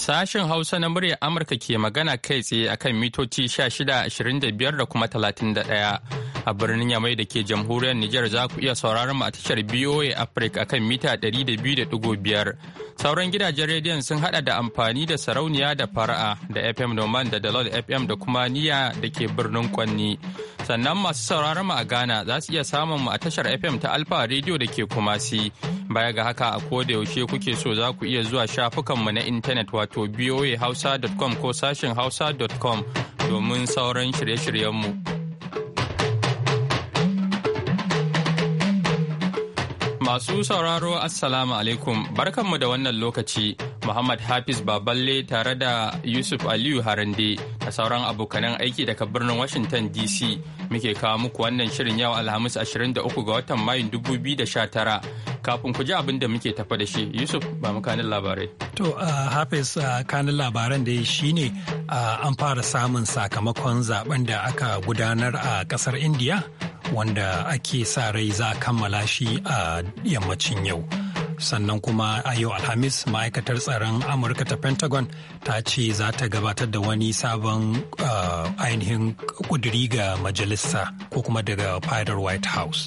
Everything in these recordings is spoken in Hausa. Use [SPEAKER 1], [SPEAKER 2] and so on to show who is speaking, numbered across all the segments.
[SPEAKER 1] Sashen Hausa na murya Amurka ke magana kai tsaye akan mitoci 16, 25 da kuma 31. A birnin Yamai da ke jamhuriyar Nijar za ku iya sauraron mu a tashar BOA Africa akan mita 200.5. Sauran gidajen rediyon sun hada da amfani da sarauniya da fara'a da FM Noman da Dalol FM da kuma Niya da ke birnin Kwanni. Sannan masu sauraron mu a Ghana za su iya samun mu a tashar FM ta Alfa Radio da ke Kumasi. Baya ga haka a koda yaushe kuke so za ku iya zuwa shafukan mu na intanet wato boahausa.com ko sashin hausa.com domin sauran shirye-shiryenmu. Masu sauraro Assalamu alaikum barkanmu da wannan lokaci Muhammad Hafiz Baballe tare da Yusuf Aliyu Harande da sauran abokanan aiki daga birnin Washington DC muke kawo muku wannan shirin yau Alhamis 23 ga watan Mayun 2019 kafin ku ji abin da muke tafa da shi Yusuf ba mu kanin labarai.
[SPEAKER 2] To uh, Hafiz uh, kanin labaran da shi ne uh, an fara samun sakamakon zaben da aka gudanar a kasar India. wanda ake sa rai za a kammala shi a yammacin yau. sannan kuma a yau alhamis ma'aikatar tsaron amurka ta pentagon ta ce za ta gabatar da wani sabon eh, ainihin kuduri ga majalisa ko kuma daga fadar white house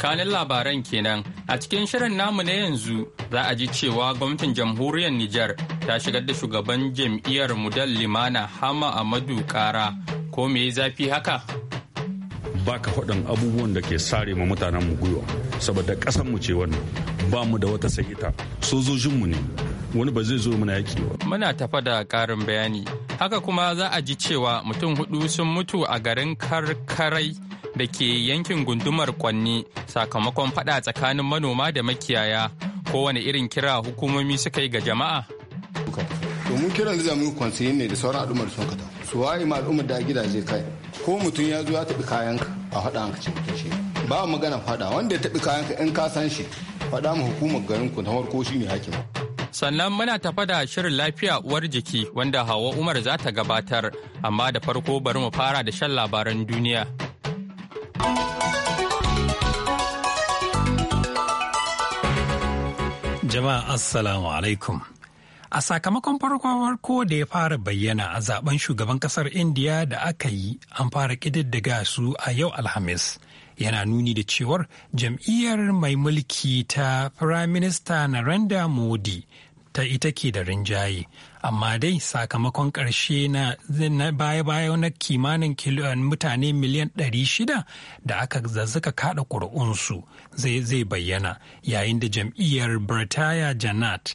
[SPEAKER 1] kanin labaran kenan a cikin shirin namu na yanzu za a ji cewa gwamnatin jamhuriyar nijar ta shigar da shugaban jam'iyyar mudan limana hama amadu kara ko me zafi haka
[SPEAKER 3] baka faɗin abubuwan da ke sare ma mutanen mu gwiwa saboda ƙasan mu ce wannan ba mu da wata sayita sojojin mu ne wani ba zai zo mana yaki ba
[SPEAKER 1] muna tafa da ƙarin bayani haka kuma za a ji cewa mutum hudu sun mutu a garin karkarai da ke yankin gundumar kwanni sakamakon fada tsakanin manoma da makiyaya kowane irin kira hukumomi suka yi ga jama'a
[SPEAKER 4] Domin kiran da zamu yi ne da sauran al'ummar sun kata su waye ma al'ummar da gidaje kai ko mutum ya zo ya taɓi kayanka a faɗa an ce mutum ba magana faɗa wanda ya taɓi kayanka in ka san shi faɗa ma hukumar garin ku ta farko shi ne hakim
[SPEAKER 1] sannan muna tafa da shirin lafiya uwar jiki wanda hawa umar za ta gabatar amma da farko bari mu fara da shan labaran duniya jama'a assalamu
[SPEAKER 2] alaikum A sakamakon farko da ya fara bayyana a zaben shugaban kasar Indiya da aka yi an fara ƙididdiga su a yau Alhamis. Yana nuni da cewar jam'iyyar mai mulki ta Prime Minister Narendra Modi ta ita ke da rinjaye. Amma dai sakamakon ƙarshe na baya-baya na kimanin mutane miliyan 600 da aka zazzuka kada ƙuri'unsu zai bayyana yayin da jam'iyyar Birtaya Janat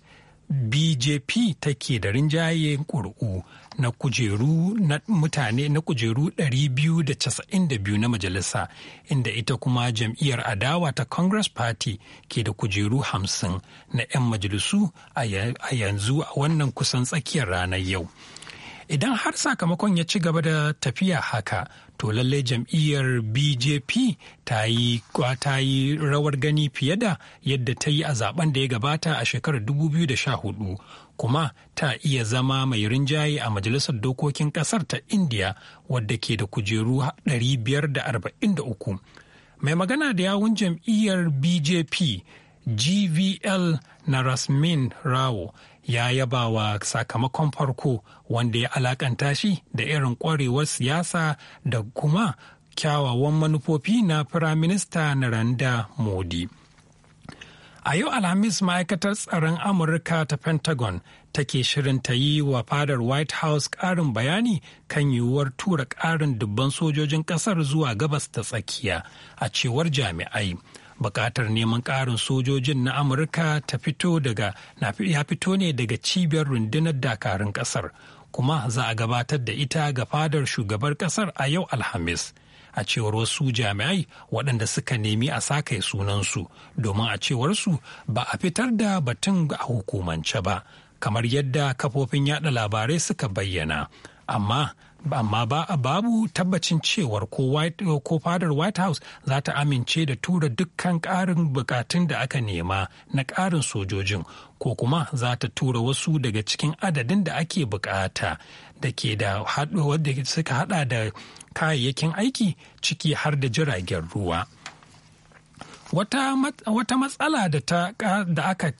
[SPEAKER 2] bjp take da rinjaye ƙuri'u na kujeru na mutane na kujeru 292 na majalisa inda ita kuma jam'iyyar adawa ta congress party ke da kujeru 50 na 'yan majalisu a yanzu a wannan kusan tsakiyar ranar yau idan har sakamakon ya ci gaba da tafiya haka to lallai jam'iyyar bjp ta yi rawar gani fiye da yadda ta yi a zaben da ya gabata a shekarar 2014 kuma ta iya zama mai rinjaye a majalisar dokokin kasar ta india wadda ke da kujeru 543 mai magana da yawun jam'iyyar bjp gvl na rasmin rao ya yaba wa sakamakon farko wanda ya alakanta shi da irin kwarewar siyasa da kuma kyawawan manufofi na firaminista narendra modi a yau alhamis ma'aikatar tsaron amurka ta pentagon take shirin ta yi wa fadar white house karin bayani kan yiwuwar tura karin dubban sojojin kasar zuwa gabas ta tsakiya a cewar jami'ai bukatar neman ƙarin sojojin na amurka ta fito daga ya fito ne daga cibiyar rundunar dakarun ƙasar kuma za a gabatar da ita ga fadar shugabar ƙasar a yau alhamis a cewar wasu jami'ai waɗanda suka nemi a sakaye sunansu domin a cewar su ba a fitar da batun a hukumance ba kamar yadda kafofin yada labarai suka bayyana amma amma ba babu tabbacin cewar ko fadar white house za ta amince da tura dukkan karin bukatun da aka nema na karin sojojin ko kuma za ta tura wasu daga cikin adadin da ake bukata da ke da haɗuwar da suka hada da kayayyakin aiki ciki har da jiragen ruwa wata matsala da aka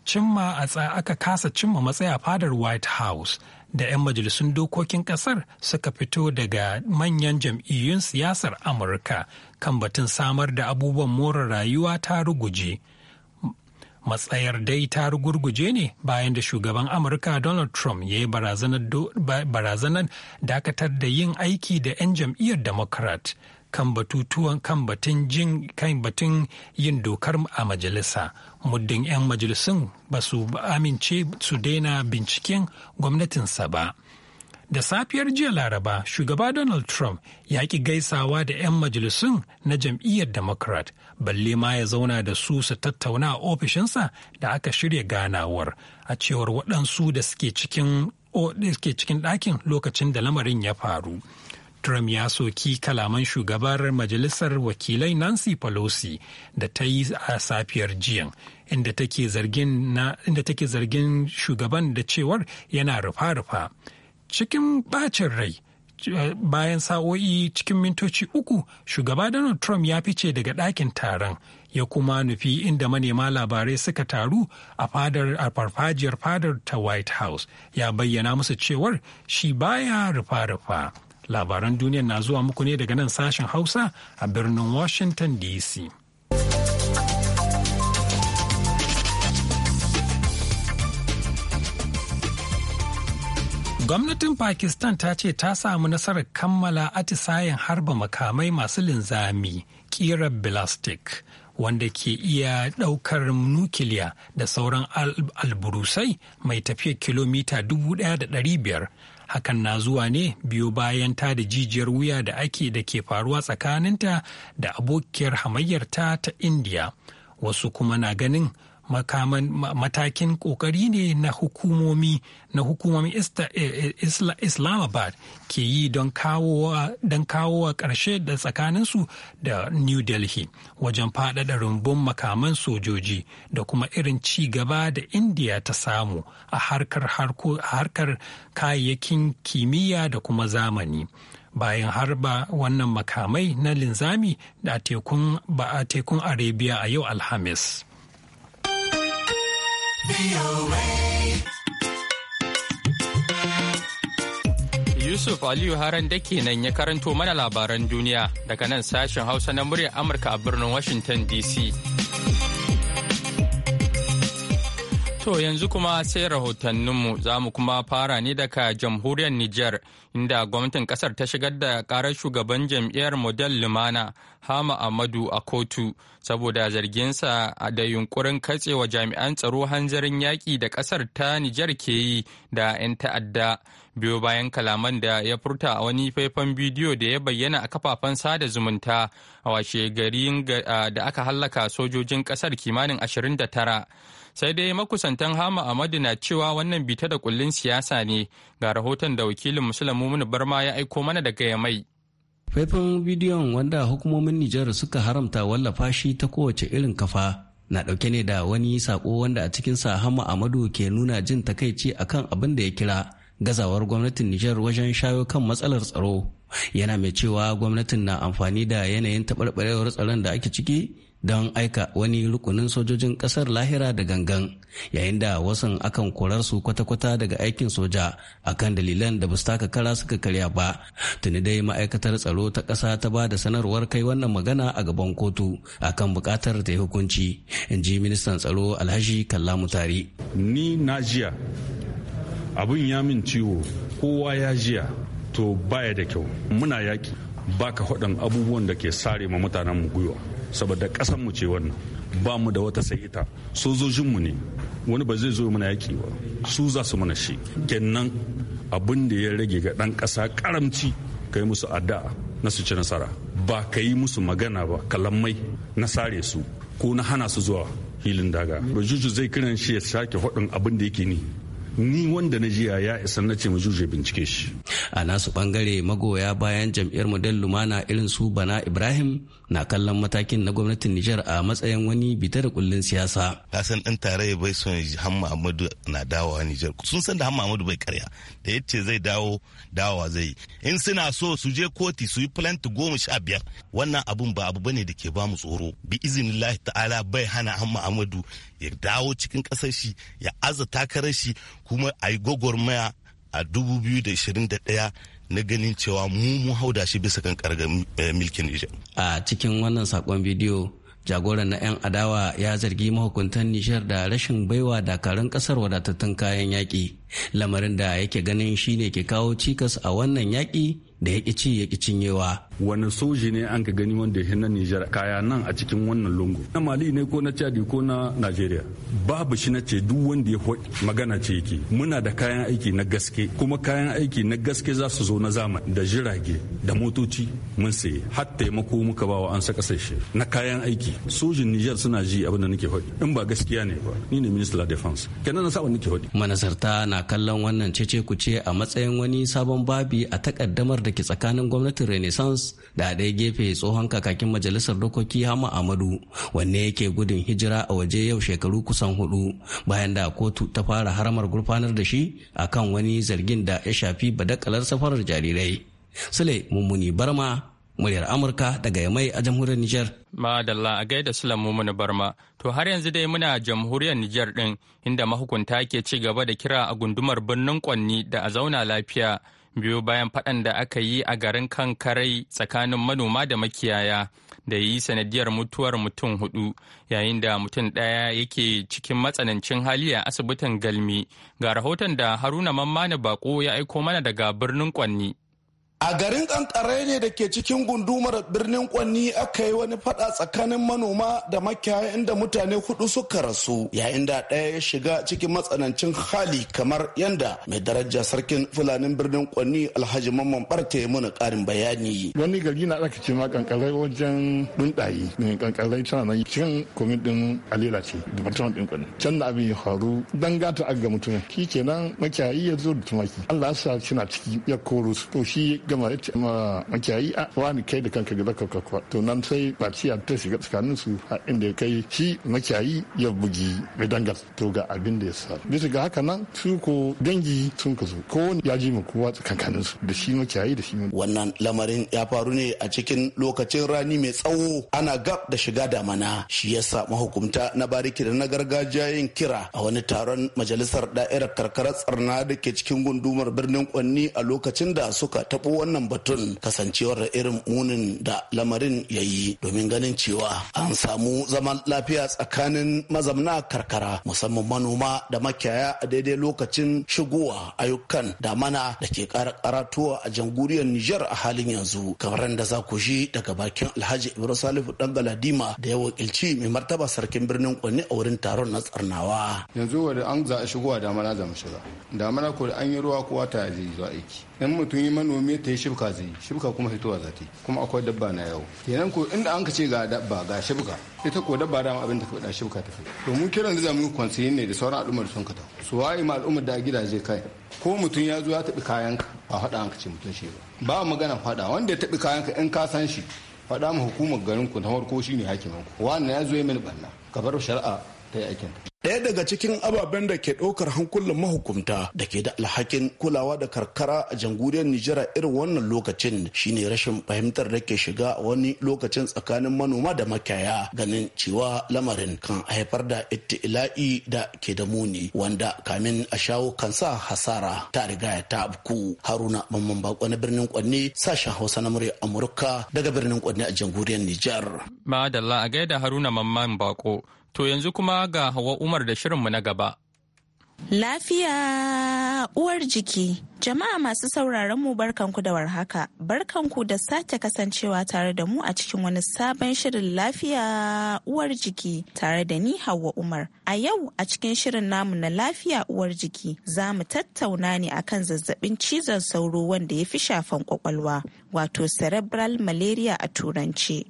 [SPEAKER 2] aka kasa cimma matsaya fadar white house da 'yan majalisun dokokin kasar suka fito daga manyan jam'iyyun siyasar amurka kan batun samar da abubuwan more rayuwa ta ruguje matsayar dai ta rugurguje ne bayan da shugaban amurka donald trump ya yi barazanar dakatar da yin aiki da 'yan jam'iyyar democrat kan batutuwan kan batun jin kan batun yin dokar a majalisa muddin 'yan majalisun ba su amince su daina binciken gwamnatinsa ba da safiyar jiya laraba shugaba donald trump ya ki gaisawa da 'yan majalisun na jam'iyyar democrat balle ma ya zauna da su su tattauna a ofishinsa da aka shirya ganawar a cewar waɗansu da suke cikin ɗakin lokacin da lamarin ya faru. Trump ya soki kalaman shugabar Majalisar Wakilai Nancy Pelosi da ta yi a safiyar jiyan, inda take zargin shugaban da cewar yana rufa-rufa. Cikin bacin rai, eh, bayan sa'o'i cikin mintoci uku shugaba donald trump ya fice daga ɗakin taron ya kuma nufi inda manema labarai suka taru a fadar a farfajiyar fadar ta white house ya bayyana musu cewar shi baya rufa-rufa labaran duniya na zuwa muku ne daga nan sashen hausa a birnin washington dc Gwamnatin Pakistan ta ce ta samu nasarar kammala atisayen harba makamai masu linzami kira "blastic" wanda ke iya ɗaukar nukiliya da sauran alburusai mai tafiya kilomita 1,500 hakan na zuwa ne biyo bayan ta da jijiyar wuya da ake da ke faruwa tsakaninta da abokiyar hamayyarta ta indiya wasu kuma na ganin matakin kokari ne na hukumomi na hukumomi eh, eh, islamabad ke yi don kawowa wa karshe ƙarshe da tsakaninsu da new delhi wajen faɗaɗa rumbun makaman sojoji da kuma irin ci gaba da india ta samu a harkar kayayyakin kimiyya da kuma zamani bayan harba wannan makamai na linzami da tekun arabia a yau alhamis
[SPEAKER 1] Yusuf Aliyu Haran da kenan ya karanto mana labaran duniya daga nan sashen Hausa na muryar Amurka a birnin Washington DC. To yanzu kuma sai rahotanninmu za mu kuma fara ne daga jamhuriyar Nijar inda gwamnatin kasar ta shigar da karar shugaban jam'iyyar Model Lumana Hama Amadu a kotu saboda zarginsa da yunkurin katsewa jami'an tsaro hanzarin yaƙi da kasar ta Nijar ke yi da 'yan ta'adda. Biyo bayan kalaman da ya furta a wani faifan bidiyo da ya bayyana a kafafen sada zumunta a washe garin da aka hallaka sojojin kasar kimanin 29. sai dai makusantan hama ahmadu na cewa wannan bita da kullin siyasa ne ga rahoton da wakilin musulmi barma ya aiko mana daga yamai
[SPEAKER 5] faifan bidiyon wanda hukumomin nijar suka haramta wallafa shi ta kowace irin kafa na dauke ne da wani sako wanda a cikinsa hama amadu ke nuna jin takaici akan abin da ya kira gazawar gwamnatin nijar wajen shayo kan matsalar tsaro yana mai cewa gwamnatin na amfani da yanayin taɓarɓarewar tsaron da ake ciki don aika wani rukunin sojojin kasar lahira da gangan yayin da wasan akan korar su kwata-kwata daga aikin soja akan dalilan da ba su taka kara suka karya ba tuni dai ma'aikatar tsaro ta ƙasa ta ba da sanarwar kai wannan magana a gaban kotu akan buƙatar ta yi hukunci in ji ministan tsaro alhaji kalla mutari ni na jiya abun ya min ciwo kowa ya jiya to baya da
[SPEAKER 3] kyau muna yaki baka hudan abubuwan da ke sare ma mutanen mu gwiwa saboda ƙasar mu ce wannan ba mu da wata sayita sojojin mu ne wani ba zai zo mana yaki ba su za su mana shi kenan abin da ya rage ga ɗan ƙasa karamci kai musu addu'a na su ci nasara ba ka yi musu magana ba kalammai na sare su ko na hana su zuwa filin daga juju zai kiran shi ya sake hudun abin da yake ni ni wanda na jiya ya isa na ce mu ya bincike shi
[SPEAKER 5] a nasu bangare magoya bayan jam'iyyar model lumana irin su bana ibrahim na kallon matakin na gwamnatin nijar a matsayin wani bitar da kullun siyasa
[SPEAKER 4] kasan dan tare bai son hamma amadu na dawowa nijar sun san da hamma amadu bai karya da yace zai dawo dawowa zai in suna so su je koti su yi plant goma sha biyar wannan abun ba abu bane da ke ba mu tsoro bi izinillahi ta'ala bai hana hamma amadu ya dawo cikin kasar shi ya aza takarar shi kuma a yi maya. a 2021 na ganin cewa mu mu hauda shi bisa kan karga eh, milkin Nijar.
[SPEAKER 5] A cikin wannan sakon bidiyo jagoran na 'yan adawa ya zargi mahukuntan Nijar da rashin baiwa dakarun kasar wadatattun kayan yaƙi. lamarin da yake ganin shine ke kawo cikas a wannan yaƙi da ya ci ya cinyewa. Wani soji ne an ka gani wanda ya na Nijar kaya nan a cikin wannan
[SPEAKER 3] lungu. Na Mali ne ko na Chadi ko na Najeriya. Babu shi na ce duk wanda ya magana ce yake. Muna da kayan aiki na gaske kuma kayan aiki na gaske za su zo na zamani da jirage da motoci mun saye har taimako muka bawa an saka sashe na kayan aiki. Sojin Nijar suna ji abin da nake faɗi. In ba gaskiya ne ba ni ne minista la Defense. Kenan na sa nake faɗi.
[SPEAKER 5] Manasarta na ana kallon wannan cece ce a matsayin wani sabon babi a takaddamar da ke tsakanin gwamnatin renaissance da ɗaya gefe tsohon kakakin majalisar dokoki hama amadu wanne yake gudun hijira a waje yau shekaru kusan hudu bayan da kotu ta fara haramar gurfanar da shi a kan wani zargin da ya shafi badakalar safarar jarirai sule mummuni barma muryar Amurka daga Yamai a jamhuriyar Nijar.
[SPEAKER 1] Madalla a gaida Sulamu mana Barma. To har yanzu dai muna jamhuriyar Nijar din inda mahukunta ke ci gaba da kira a gundumar birnin Kwanni da a zauna lafiya biyu bayan faɗan da aka yi a garin kan karai tsakanin manoma da makiyaya da yi sanadiyar mutuwar mutum hudu yayin da mutum ɗaya yake cikin matsanancin hali a asibitin Galmi. Ga rahoton da Haruna Mammani Bako ya aiko mana daga birnin Kwanni. a garin
[SPEAKER 4] kankarai ne da ke cikin gundumar birnin kwanni aka yi wani fada tsakanin manoma da makiyaya inda mutane hudu suka rasu yayin da ɗaya ya shiga cikin matsanancin hali kamar yanda mai daraja sarkin fulanin birnin kwanni alhaji mamman barta ya mana karin bayani wani gari na aka ce ma kankare wajen dundaye ne kankare tana nan cikin komin din alela ce department din kwanni can da abin ya faru dan gata aga mutumin kenan makiyayi ya zo da tumaki Allah ya sa suna ciki ya koro su to shi gama ya ce ma makiyayi a wani kai da kanka ga ka kwa to nan sai baciya ta shiga tsakanin su a inda kai shi makiyayi ya bugi dangar to ga abin da ya sa bisa ga haka nan su ko dangi sun zo ko ya ji mu kowa tsakanin su da shi makiyayi da shi wannan lamarin ya faru ne a cikin lokacin rani mai tsawo ana gab da shiga damana shi yasa mahukunta na bariki da na gargajiya yin kira a wani taron majalisar da'irar karkarar tsarna da ke cikin gundumar birnin kwanni a lokacin da suka taɓo wannan batun kasancewar irin munin da lamarin ya yi domin ganin cewa an samu zaman lafiya tsakanin mazamna karkara musamman manoma da makiyaya a daidai lokacin shigowa ayyukan damana da ke kara karatuwa a jamhuriyar Nijar a halin yanzu kamar da za ku shi daga bakin Alhaji Ibrahim Salifu dan Galadima da ya wakilci mai martaba sarkin birnin Kwanni a wurin taron na Tsarnawa. Yanzu wanda an za a shigowa damana za mu shiga. Damana ko da an yi ruwa kowa ta je zuwa aiki. in mutum yi manomi ta yi shibka zai shibka kuma fitowa za ta kuma akwai dabba na yawo kenan ko inda an ka ce ga dabba ga shibka ita ko dabba dama abin ka faɗa shibka ta to mu kiran da zamu yi kwansiyin ne da sauran al'ummar sun ta su waye ma al'ummar da gidaje kai ko mutum ya zo ya taɓi ka ba faɗa an ka ce mutum shi ba ba magana faɗa wanda ya taɓi ka in ka san shi faɗa ma hukumar garin ku na farko shine hakimanku. ku wannan ya zo ya mini barna ka bar shari'a ta yi aikinta Daya daga cikin ababen da ke ɗaukar hankulan mahukunta da ke da alhakin kulawa da karkara a jamhuriyar Nijar irin wannan lokacin shine rashin fahimtar da ke shiga wani lokacin tsakanin manoma da makiyaya ganin cewa lamarin kan haifar da itti'ila'i da ke da muni wanda kamin a shawo kansa hasara ta riga ya ta abku haruna mamman bako na birnin kwanne sashen hausa na murya amurka daga birnin kwanne a jamhuriyar Nijar.
[SPEAKER 1] madalla a gaida haruna mamman bako To yanzu kuma ga Hawa Umar da shirinmu na gaba.
[SPEAKER 6] Lafiya uwar jiki. Jama'a masu sauraron mu barkanku da warhaka. Barkanku da sake kasancewa tare da mu a cikin wani sabon shirin lafiya uwar jiki tare da ni Hauwa Umar. A yau a cikin shirin namu na lafiya uwar jiki za mu tattauna ne akan zazzabin cizon sauro wanda ya fi shafan kwakwalwa wato cerebral malaria a turanci.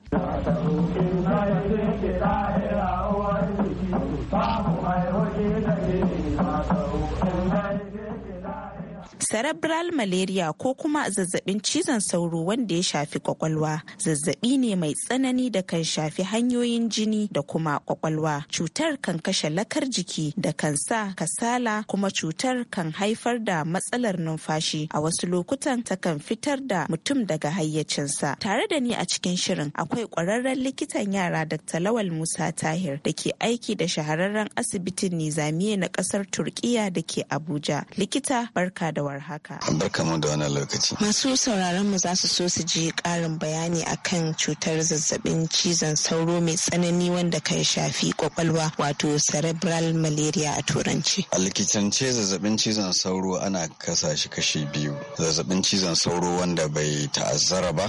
[SPEAKER 6] cerebral malaria ko kuma zazzabin cizon sauro wanda ya shafi kwakwalwa zazzabi ne mai tsanani da kan shafi hanyoyin jini da kuma kwakwalwa cutar kan kashe lakar jiki da kan sa kasala kuma cutar kan haifar da matsalar numfashi a wasu lokutan ta kan fitar da mutum daga hayyacinsa tare da ni a cikin shirin akwai kwararren likitan yara dr lawal musa tahir da ke aiki da shahararren asibitin nizamiya na kasar turkiya da ke abuja likita barka da war kamar haka.
[SPEAKER 7] Barkamu da wani lokaci.
[SPEAKER 6] Masu sauraron mu za su so su ji ƙarin bayani akan cutar zazzabin cizon sauro mai tsanani wanda kai shafi kwakwalwa wato cerebral malaria a turanci.
[SPEAKER 7] A likitance zazzabin cizon sauro ana kasa shi kashi biyu. Zazzabin cizon sauro wanda bai ta'azzara ba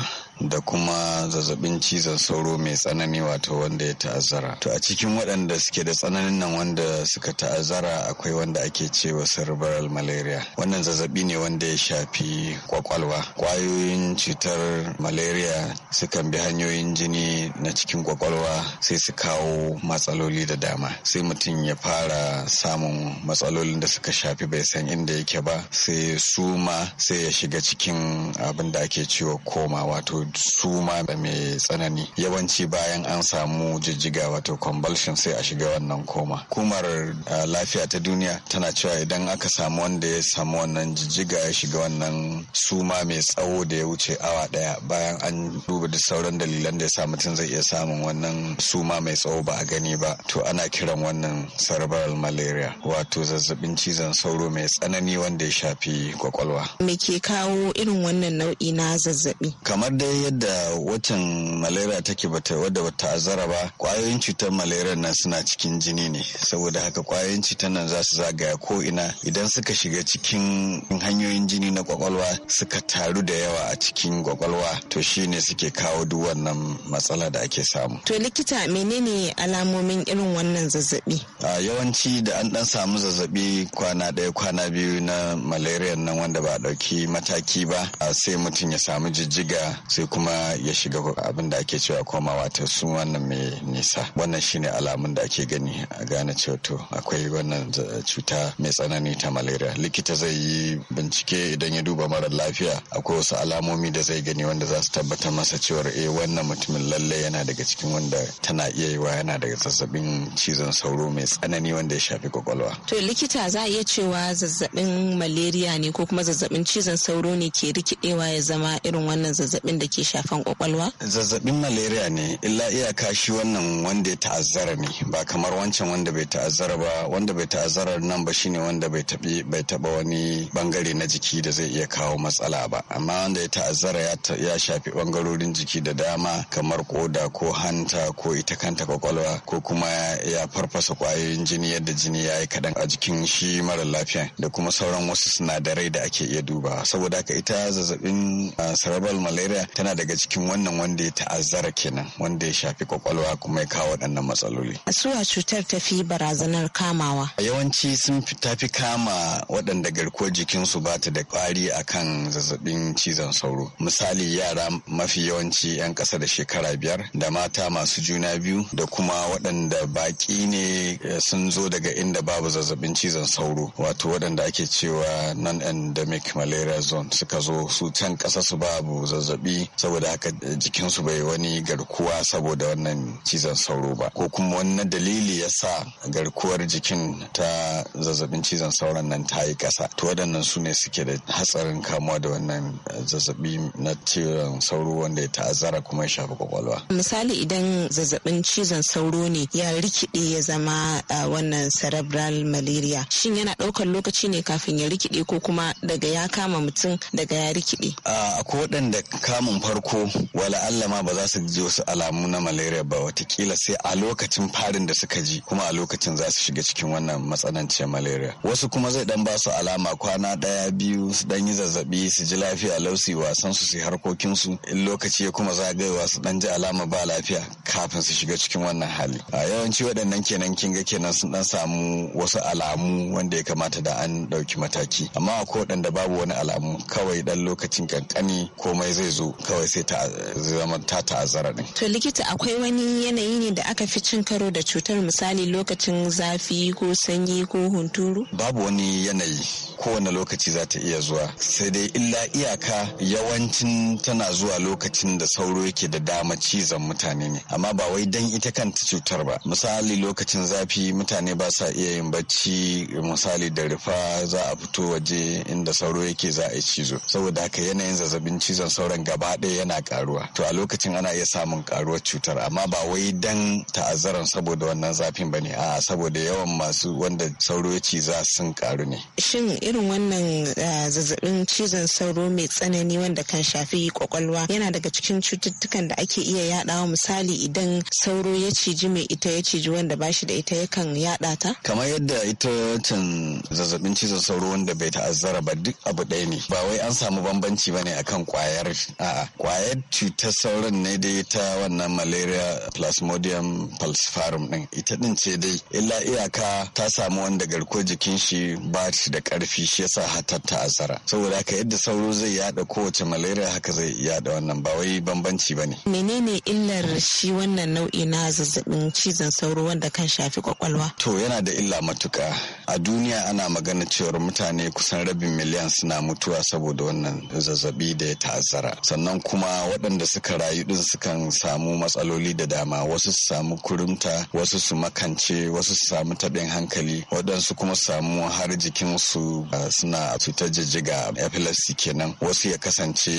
[SPEAKER 7] da kuma zazzabin cizon sauro mai tsanani wato wanda ya ta'azzara. To a cikin waɗanda suke da tsananin nan wanda suka ta'azzara akwai wanda ake cewa cerebral malaria. Wannan zazzabi zazzabi ne wanda ya shafi kwakwalwa kwayoyin cutar malaria sukan bi hanyoyin jini na cikin kwakwalwa sai su kawo matsaloli da dama sai mutum ya fara samun matsalolin da suka shafi bai san inda yake ba sai suma sai ya shiga cikin abin da ake cewa koma wato suma da mai tsanani yawanci bayan an samu jijjiga wato convulsion sai a shiga wannan koma kumar eh, lafiya ta duniya tana cewa idan aka samu wanda ya samu wannan jijjiga ya shiga wannan suma mai tsawo da ya wuce awa daya bayan an duba duk sauran dalilan da ya sa mutum zai iya samun wannan suma mai tsawo ba a gani ba to ana kiran wannan cerebral malaria wato zazzabin cizon sauro mai tsanani wanda ya shafi kwakwalwa
[SPEAKER 6] me ke kawo irin wannan nau'i na zazzabi
[SPEAKER 7] kamar dai yadda watan malaria take bata wadda bata azara ba kwayoyin cutar malaria nan suna cikin jini ne saboda haka kwayoyin cutar nan za su zagaya ko ina idan suka shiga cikin in hanyoyin jini na kwakwalwa suka taru da yawa a cikin kwakwalwa to shine suke kawo duk wannan matsala da ake samu
[SPEAKER 6] to likita menene alamomin irin wannan zazzabi
[SPEAKER 7] a yawanci da an dan samu zazzabi kwana ɗaya kwana biyu na malaria nan wanda ba a ɗauki mataki ba sai mutum ya samu jijjiga sai kuma ya shiga abin da ake cewa komawa ta sun wannan mai nisa wannan shine alamun da ake gani a gane cewa to akwai wannan cuta mai tsanani ta malaria likita zai yi bincike idan ya duba mara lafiya akwai wasu alamomi da zai gani wanda za su tabbatar masa cewar eh wannan mutumin lallai yana daga cikin wanda tana iya yiwa yana daga zazzabin cizon sauro mai tsanani wanda ya shafi kwakwalwa.
[SPEAKER 6] To likita za a iya cewa zazzabin malaria ne ko kuma zazzabin cizon sauro ne ke rikidewa ya zama irin wannan zazzabin da ke shafan kwakwalwa?
[SPEAKER 7] Zazzabin malaria ne illa iyaka shi wannan wanda ya ta'azzara ne ba kamar wancan wanda bai ta'azzara ba wanda bai ta'azzara nan ba shine wanda bai taɓa wani bangare bangare na jiki da zai iya kawo matsala ba amma wanda ya ta'azzara ya shafi bangarorin jiki da dama kamar koda ko hanta ko ita kanta kwakwalwa ko kuma ya farfasa kwayoyin jini yadda jini ya yi kaɗan a jikin shi mara lafiya da kuma sauran wasu sinadarai da ake iya duba saboda haka ita zazzabin cerebral malaria tana daga cikin wannan wanda ya ta'azzara kenan wanda ya shafi kwakwalwa kuma ya kawo waɗannan matsaloli.
[SPEAKER 6] Suwa cutar ta fi barazanar kamawa.
[SPEAKER 7] Yawanci sun fi tafi kama waɗanda garkuwar jikin su ba ta da kwari kan zazzabin cizon sauro misali yara mafi yawanci 'yan ƙasa da shekara biyar da mata masu juna biyu da kuma waɗanda baƙi ne eh, sun zo daga inda babu zazzabin cizon sauro wato waɗanda ake cewa non-endemic malaria zone suka zo su can ƙasa su babu zazzabi saboda haka eh, jikinsu bai wani garkuwa saboda wannan cizon sauro ba ko kuma wani dalili ya sa garkuwar jikin ta zazzabin cizon sauron nan ta yi ƙasa to waɗannan su su ne suke da hatsarin kamuwa da wannan eh, zazzabi na cizon sauro wanda ya ta'azzara kuma ya shafi kwakwalwa.
[SPEAKER 6] Misali idan zazzabin cizon sauro ne ya rikide ya zama eh, wannan cerebral malaria shin yana ɗaukar lokaci ne kafin ya rikide ko kuma daga ya kama mutum daga ya rikide.
[SPEAKER 7] Akwai waɗanda kamun farko wala Allah ma ba za su ji wasu alamu na malaria ba watakila sai a lokacin farin da suka ji kuma a lokacin za su shiga cikin wannan matsananciyar malaria. Wasu kuma zai dan ba su alama kwana Ɗaya daya biyu su dan yi zazzabi su ji lafiya lausi wasan su su harkokin su in lokaci ya kuma zagayewa su dan ji alama ba lafiya kafin su shiga cikin wannan hali a yawanci waɗannan kenan kin ga kenan sun dan samu wasu alamu wanda ya kamata da an ɗauki mataki amma ko waɗanda babu wani alamu kawai dan lokacin kankani komai zai zo kawai sai ta zama ta ta'azzara ne
[SPEAKER 6] to likita akwai wani yanayi ne da aka fi cin karo da cutar misali lokacin zafi ko sanyi ko hunturu
[SPEAKER 7] babu wani yanayi kowane lokaci lokaci za ta iya zuwa sai dai illa iyaka yawancin tana zuwa lokacin da sauro yake da dama cizon mutane ne amma ba wai dan ita kanta cutar ba misali lokacin zafi mutane ba sa iya yin bacci misali da rufa za a fito waje inda sauro yake za a yi cizo saboda haka yanayin zazzabin cizon sauran gaba ɗaya yana karuwa to a lokacin ana iya samun karuwar cutar amma ba wai dan ta'azzaran saboda wannan zafin ba ne a'a saboda yawan masu wanda sauro ya ciza sun karu ne
[SPEAKER 6] shin irin wannan wannan eh, zazzabin cizon sauro mai tsanani wanda kan shafi kwakwalwa yana daga cikin cututtukan da ake iya yadawa misali idan sauro ya ciji mai ita ya ciji wanda bashi da ita yakan yada ta
[SPEAKER 7] kamar yadda ita can zazzabin cizon sauro wanda bai ta'azzara ba duk abu ɗaya ne ba wai an samu bambanci bane akan kwayar a'a kwayar cutar sauron ne dai ta wannan malaria plasmodium falciparum din ita din ce dai illa iyaka ta samu wanda garkuwar jikin shi ba shi da karfi shi yasa hatta ta'azara saboda haka yadda sauro zai yada kowace malaria haka zai yada wannan ba wai bambanci ba ne
[SPEAKER 6] menene illar shi wannan nau'i na zazzabin cizon sauro wanda kan shafi kwakwalwa
[SPEAKER 7] to yana da illa matuka a duniya ana magana cewar mutane kusan rabin miliyan suna mutuwa saboda wannan zazzabi da ya ta'azzara sannan kuma waɗanda suka rayu din sukan samu matsaloli da dama wasu su samu kurumta wasu su makance wasu su samu taɓin hankali waɗansu kuma su samu har jikinsu ah, suna na cutar jijjiga epilepsy kenan wasu ya kasance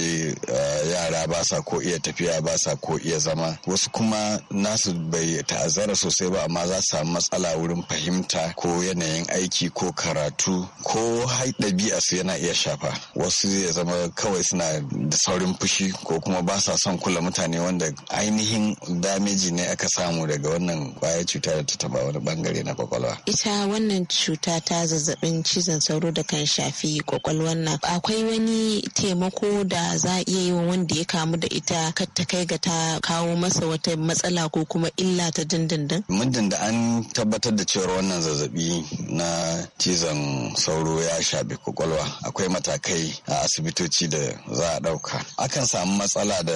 [SPEAKER 7] eh, yara ba sa ko iya tafiya ba sa ko iya zama wasu kuma nasu bai ta'azzara sosai ba amma za su samu matsala wurin fahimta ko yanayin aiki ko karatu ko ɗabi'a su yana iya shafa wasu ya zama kawai suna da saurin fushi ko kuma ba sa son kula mutane wanda ainihin dameji ne aka samu daga wannan kwayar cuta da ta taba wani bangare na kwakwalwa
[SPEAKER 6] ita wannan cuta ta zazzabin cizon sauro da kan sha shafi kwakwalwan nan akwai wani taimako da za a iya yi wa wanda ya kamu da ita kar ta kai ga ta kawo masa wata matsala ko kuma illa ta dindindin
[SPEAKER 7] muddin da an tabbatar da cewa wannan zazzabi na cizon sauro ya shafi kwakwalwa akwai matakai a asibitoci da za a ɗauka akan samu matsala da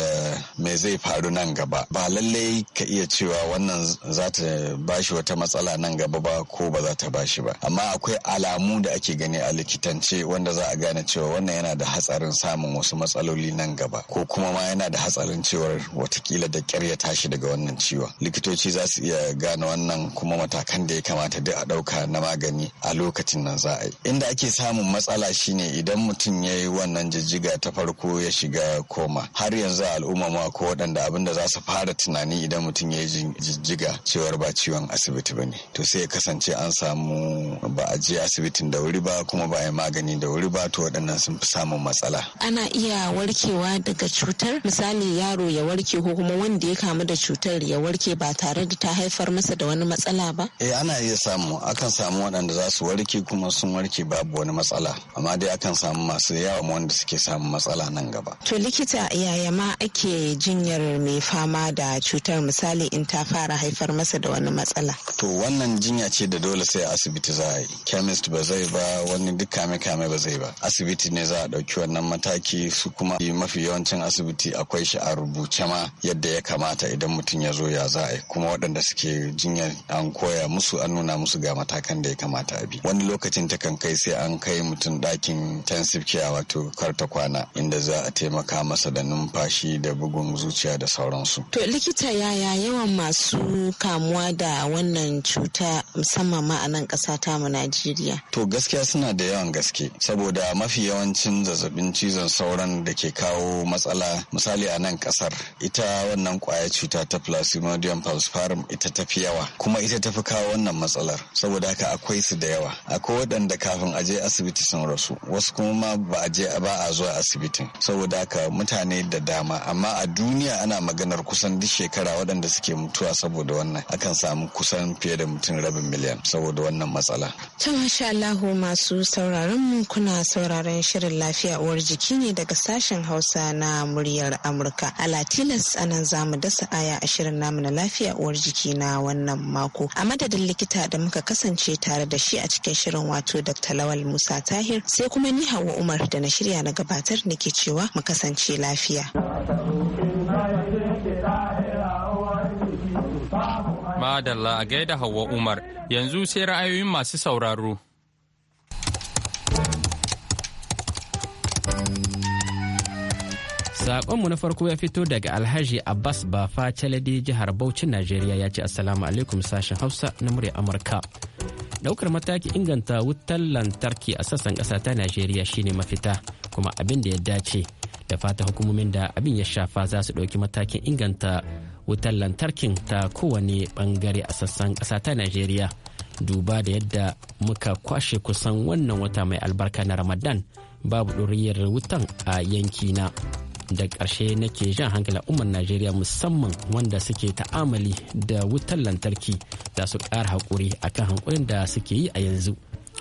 [SPEAKER 7] me zai faru nan gaba ba lallai ka iya cewa wannan za ta bashi wata matsala nan gaba ba ko ba za ta bashi ba amma akwai alamu da ake gani a likitan magance wanda za a gane cewa wannan yana da hatsarin samun wasu matsaloli nan gaba ko kuma ma yana da hatsarin cewar watakila da ƙyar ya tashi daga wannan ciwon likitoci za su iya gane wannan kuma matakan da ya kamata duk a ɗauka na magani a lokacin nan za a yi inda ake samun matsala shine idan mutum ya yi wannan jijjiga ta farko ya shiga koma har yanzu al'umma ma ko waɗanda abin da za su fara tunani idan mutum ya yi jijjiga cewar ba ciwon asibiti ba ne to sai ya kasance an samu ba a je asibitin da wuri ba kuma ba a yi magani da wuri ba to waɗannan sun fi samun matsala.
[SPEAKER 6] Ana iya warkewa daga cutar misali yaro ya warke ko kuma wanda ya kamu da cutar ya warke ba tare da ta haifar masa da wani matsala ba?
[SPEAKER 7] Eh ana iya samu akan samu waɗanda za su warke kuma sun warke babu wani matsala amma dai akan samu masu yawa wanda suke samun matsala nan gaba.
[SPEAKER 6] To likita yaya ma ake jinyar mai fama da cutar misali in ta fara haifar masa da wani matsala?
[SPEAKER 7] To wannan jinya ce da dole sai asibiti za a yi. Chemist ba zai ba wani duka kame-kame ba zai ba asibiti ne za a ɗauki wannan mataki su kuma mafi yawancin asibiti akwai shi a rubuce ma yadda ya kamata idan mutum ya zo ya za kuma waɗanda suke jinya an koya musu an nuna musu ga matakan da ya kamata a bi wani lokacin ta kan kai sai an kai mutum ɗakin intensive care wato karta kwana inda za a taimaka masa da numfashi da bugun zuciya da sauransu
[SPEAKER 6] to likita yaya yawan masu kamuwa da wannan cuta musamman ma a nan ƙasa ta mu Najeriya
[SPEAKER 7] to gaskiya suna da yawan gaske saboda mafi yawancin zazzabin cizon sauran da ke kawo matsala misali a nan kasar ita wannan kwaya cuta ta plasmodium falciparum ita ta fi yawa kuma ita ta fi kawo wannan matsalar saboda haka akwai su da yawa akwai waɗanda kafin a je asibiti sun rasu wasu kuma ma ba a je ba a zuwa asibitin saboda haka mutane da dama amma a duniya ana maganar kusan duk shekara waɗanda suke mutuwa saboda wannan akan samu kusan fiye da mutum rabin miliyan saboda wannan matsala.
[SPEAKER 6] Tun masu sauraro mu kuna sauraron shirin lafiya uwar jiki ne daga sashen Hausa na muryar Amurka. A a anan za mu dasa aya a shirin namu na lafiya uwar jiki na wannan mako. A madadin likita da muka kasance tare da shi a cikin shirin wato Dr. Lawal Musa Tahir sai kuma ni Hauwa Umar da na shirya na gabatar nake cewa mu kasance lafiya.
[SPEAKER 1] Madalla a gaida Hauwa Umar yanzu sai ra'ayoyin masu sauraro.
[SPEAKER 8] Saƙonmu na farko ya fito daga Alhaji Abbas Bafa Chaladi jihar Bauchi Najeriya ya ce Assalamu alaikum sashen Hausa na murya Amurka. Daukar mataki inganta wutar lantarki a sassan ƙasa ta Najeriya shine mafita kuma abin da ya dace. Da fata hukumomin da abin ya shafa za su ɗauki matakin inganta wutar lantarkin ta kowane bangare a sassan ƙasa ta Najeriya. Duba da yadda muka kwashe kusan wannan wata mai albarka na Ramadan babu ɗuriyar wutan a yankina. da ƙarshe nake jan hankali umar najeriya musamman wanda suke ta'amali da wutar lantarki da su ƙara haƙuri akan hankulin da suke yi a yanzu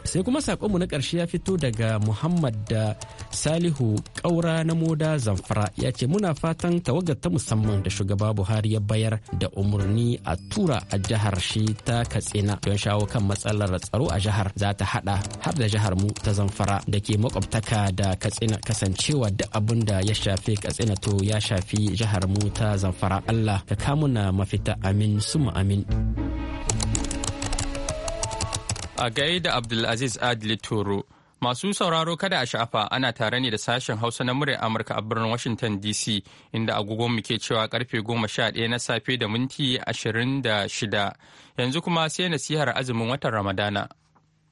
[SPEAKER 8] sai kuma sakonmu na ƙarshe ya fito daga muhammad da salihu ƙaura na moda zamfara ya ce muna fatan tawagar ta musamman da shugaba buhari ya bayar da umarni a tura a jihar shi ta katsina don shawo kan matsalar tsaro a jihar za ta hada har da jihar mu ta zamfara da ke makwabtaka da katsina kasancewa da abin da ya shafi katsina to ya shafi jihar mu ta zamfara allah ka kamuna mafita amin suma amin.
[SPEAKER 1] A gaida Abdulaziz Adli Toro. Masu sauraro kada a sha'afa ana tare ne da sashen Hausa na murya Amurka a birnin Washington DC inda agogon mu ke cewa karfe goma sha ɗaya na safe da minti ashirin da shida. Yanzu kuma sai nasihar azumin watan Ramadana.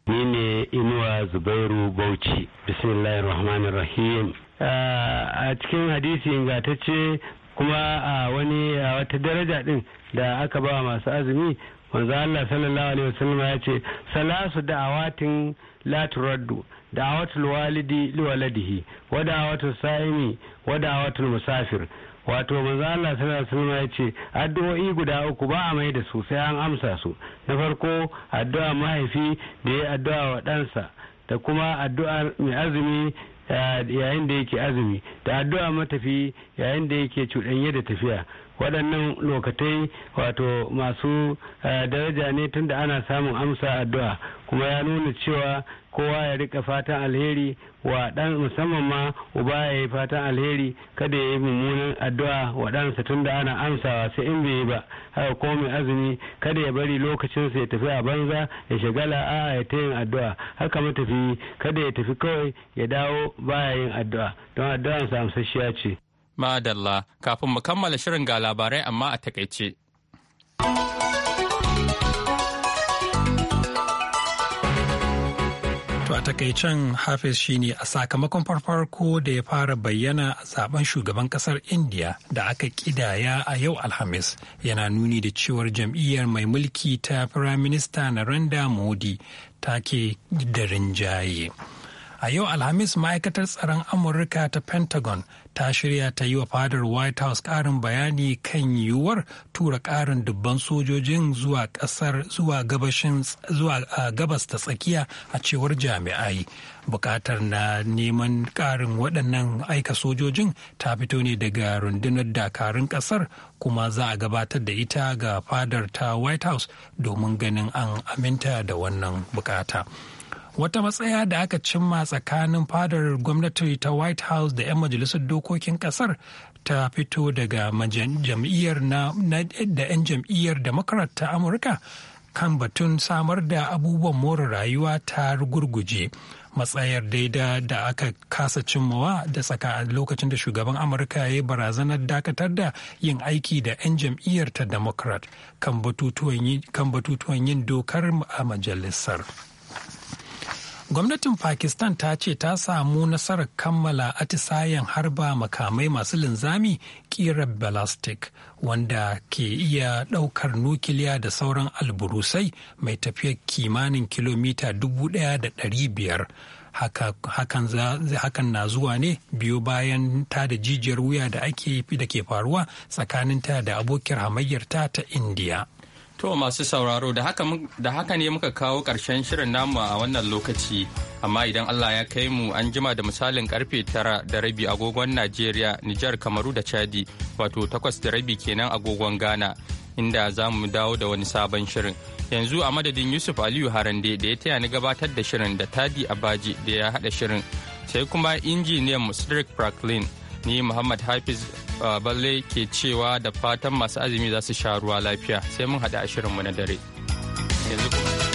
[SPEAKER 9] Ni ne Inuwa Zubairu Bauchi, rahim. A cikin hadisi ingatacce kuma a wani wata daraja din da aka ba masu azumi manzo Allah sallallahu alaihi wasallam ya ce salasu da'awatin la turaddu da'awatul walidi waladihi wa da'awatul sa'imi wa da'awatul musafir wato manzo Allah sallallahu alaihi wasallam ya ce addu'o'i guda uku ba a mai da su sai an amsa su na farko addu'a mahaifi da ya addu'a wa ɗansa da kuma addu'a mai azumi eh, yayin da yake azumi da addu'a matafi yayin da yake cuɗanye da tafiya waɗannan lokatai wato masu eh, daraja ne tunda ana samun amsa addu'a kuma ya nuna cewa kowa ya rika fatan alheri wa ɗan musamman ma uba ya yi fatan alheri kada ya yi mummunan addu'a wa ɗansa da ana amsawa sai in bai yi ba haka ko mai azumi kada ya bari lokacinsa ya tafi a banza ya shagala a ya ta yin addu'a haka matafi kada ya tafi kawai ya dawo baya yin addu'a don addu'ansa amsasshiya ce
[SPEAKER 1] Madalla, kafin mu kammala shirin ga labarai amma a takaice.
[SPEAKER 2] To a takaicen Hafiz shine a sakamakon farfarko da ya fara bayyana a zaben shugaban kasar India da aka kidaya a yau Alhamis yana nuni da cewar jam'iyyar mai mulki ta Firaminista Narendra Modi take da rinjaye. A yau Alhamis ma'aikatar tsaron Amurka ta Pentagon ta shirya ta yi wa fadar White House ƙarin bayani kan yiwuwar tura ƙarin dubban sojojin zuwa kasar zuwa gabashin zuwa gabas ta tsakiya a cewar jami'ai. Bukatar na neman ƙarin waɗannan aika sojojin ta fito ne daga rundunar dakarun ƙasar kuma za a gabatar da ita ga fadar ta White House domin ganin an aminta da wannan bukata. wata matsaya da aka cimma tsakanin fadar gwamnati ta white house da 'yan majalisar dokokin kasar ta fito daga jam'iyyar da 'yan jam'iyyar democrat ta amurka kan batun samar da abubuwan more rayuwa ta gurguje matsayar daida da aka kasa cimmawa da tsaka a lokacin da shugaban amurka ya barazanar dakatar da yin aiki da 'yan jam'iyyar ta democrat kan batutuwan yin dokar a majalisar. Gwamnatin Pakistan ta ce ta samu nasarar kammala atisayen harba makamai masu linzami ƙirar balastik wanda ke iya ɗaukar nukiliya da sauran alburusai mai tafiyar kimanin kilomita 1,500. hakan na zuwa ne biyu bayan ta da jijiyar wuya da ake da ke faruwa tsakanin ta da abokiyar hamayyarta ta indiya
[SPEAKER 1] To masu sauraro da haka ne muka kawo ƙarshen shirin namu a wannan lokaci. Amma idan Allah ya kai mu an jima da misalin karfe tara da rabi agogon Najeriya, Nijar, Kamaru da Chadi, wato takwas da rabi kenan agogon Ghana, inda za mu dawo da wani sabon shirin. Yanzu a madadin Yusuf Aliyu Harande da ya taya ni gabatar da shirin da Tadi Abaji da ya haɗa shirin. Sai kuma injiniyan Musdrik Franklin ni muhammad hafiz uh, balle ke cewa da fatan masu azumi za su sha ruwa lafiya sai mun haɗu a shirinmu na dare
[SPEAKER 9] yanzu kuma